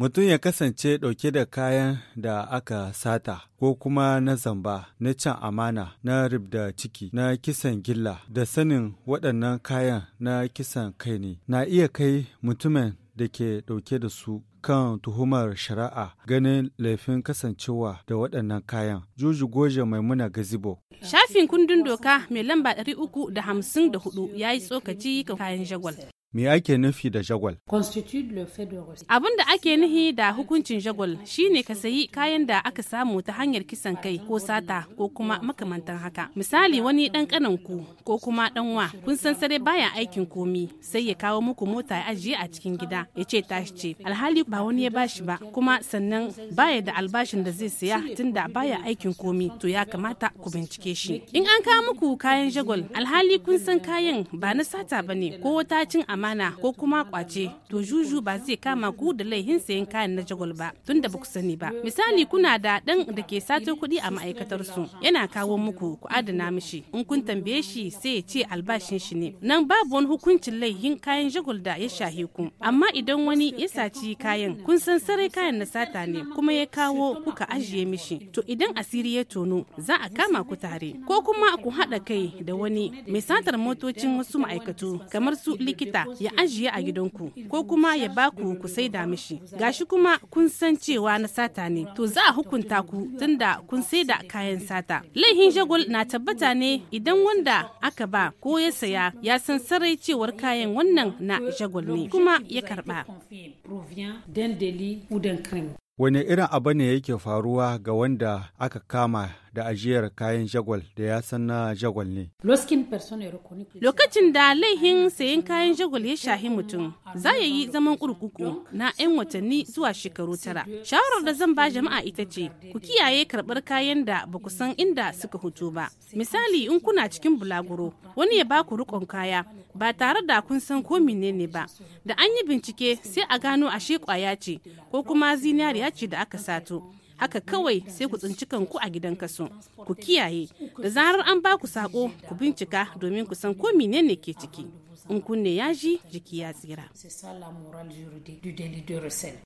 mutum ya kasance ɗauke da kayan da aka sata ko kuma na zamba na can amana na ribda ciki na kisan gilla da sanin waɗannan kayan na kisan kai ne na iya kai mutumin da ke ɗauke da su kan tuhumar shari'a ganin laifin kasancewa da waɗannan kayan. Juju Goje Maimuna Gazibo. Shafin kundin doka mai lamba 354 ya yi tsokaci ga kayan jagwal. Me ake nufi da jagwal? Abin da ake nufi da hukuncin jagwal shine ka sayi kayan da aka samu ta hanyar kisan kai ko sata ko kuma makamantan haka. Misali wani dan kananku ko kuma dan wa kun san sare baya aikin komi sai ya kawo muku mota ya ajiye a cikin gida ya ce tashi ce alhali ba wani ya bashi ba kuma sannan baya da albashin da zai siya tunda baya aikin komi to ya kamata ku bincike shi. In an kawo muku kayan jagwal alhali kun san kayan ba na sata ba ne ko wata cin amana ko kuma kwace to juju ba zai kama ku da laihin sayen kayan na jagwal ba tunda ba ku sani ba misali kuna da dan da ke sato kuɗi a ma'aikatar su yana kawo muku ku adana mishi in kun tambaye shi sai ya ce albashin shi ne nan babu wani hukuncin laihin kayan jagwal da ya shahe ku amma idan wani ya saci kayan kun san sarai kayan na sata ne kuma ya kawo kuka ajiye mishi to idan asiri ya tono za a kama ku tare ko kuma ku haɗa kai da wani mai satar motocin wasu ma'aikatu kamar su likita ya ajiye a gidanku ko kuma ya baku ku saida mishi gashi kuma kun san cewa na sata ne to za a hukunta ku tunda kun sai da kayan sata laihin jagol na tabbata ne idan wanda aka ba ko ya saya ya san sarai cewar kayan wannan na jagol ne kuma ya karba Wane irin abu ne yake faruwa ga wanda aka kama da ajiyar kayan jagwal da ya san na jagwal ne? Lokacin da laihin sayen kayan jagwal ya shahi mutum, za ya yi zaman kurkuku na 'yan watanni zuwa shekaru tara. Shawarar da zan ba jama'a ita ce, ku kiyaye karɓar kayan da ba ku san inda suka hutu ba. Misali in kuna cikin bulaguro, wani ya baku rikon kaya, ba tare da kun san ko menene ba da an yi bincike sai a gano ashe kwaya ce ko kuma zinariya ce da aka sato haka kawai sai ku tsinci kanku a gidan kaso ku kiyaye da zarar an ba ku sako ku bincika domin ku san ko menene ke ciki in kunne ya ji jiki ya tsira